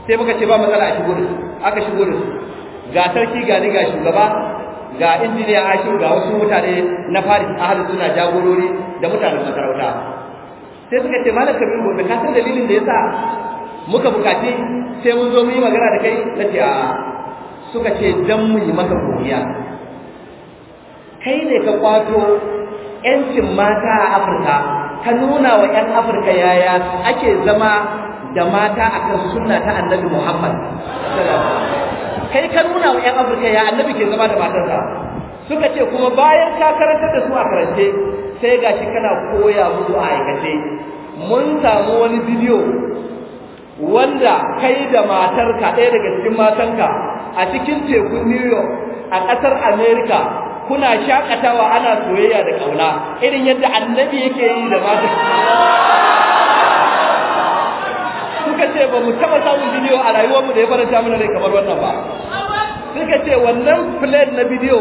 sai muka ce ba matsala a shigo da su aka shigo da su ga sarki ga ni ga shugaba ga injiniya Ashim ga wasu mutane na a halin suna jagorori da mutanen masarauta sai suka ce malaka Kabiru mu ka san dalilin da yasa muka bukaci sai mun zo mu yi magana da kai na ce a suka ce dan mu yi maka godiya kai ne ka kwato yancin mata a Afirka ka nuna wa 'yan Afirka yaya ake zama da mata a kan sunna ta Annabi Muhammad kai ka nuna wa 'yan Afirka ya Annabi ke zama da matarsa suka ce kuma bayan ka karanta da su a karance sai gashi kana koya musu a aikace mun samu wani bidiyo wanda kai da matarka ɗaya daga cikin matanka a cikin tekun New York a ƙasar America kuna shakatawa ana soyayya da kauna irin yadda annabi yake yi da mata suka ce ba mu taɓa samun bidiyo a rayuwarmu da ya faranta mana rai kamar wannan ba suka ce wannan plate na bidiyo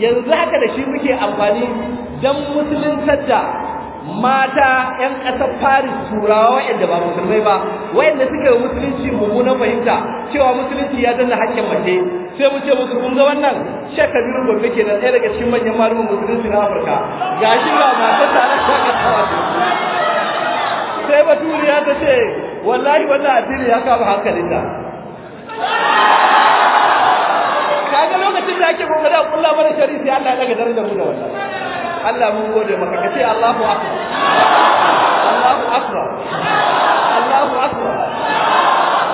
yanzu haka da shi muke amfani don musulun sadda. mata 'yan ƙasar Paris turawa waɗanda ba musulmai ba waɗanda suka yi musulunci mummunan fahimta cewa musulunci ya danna hakkin mace sai mu ce musu kun ga wannan Sheikh Kabiru ke nan ɗaya daga cikin manyan malumin musulunci na Afirka ga shi ba matar tare da shakatawa sai baturiya ta ce wallahi wannan addini ya kama Ka kaga lokacin da ake gobe da kulla mana shari'a sai Allah ya daga darajar mu da wannan Allah mun gode maka ka ce Allahu akbar Allahu akbar Allahu akbar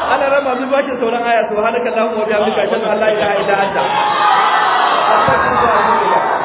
ana rama min bakin sauran aya subhanaka allahumma wa bihamdika ashhadu an la ilaha illa anta astaghfiruka wa atubu ilaik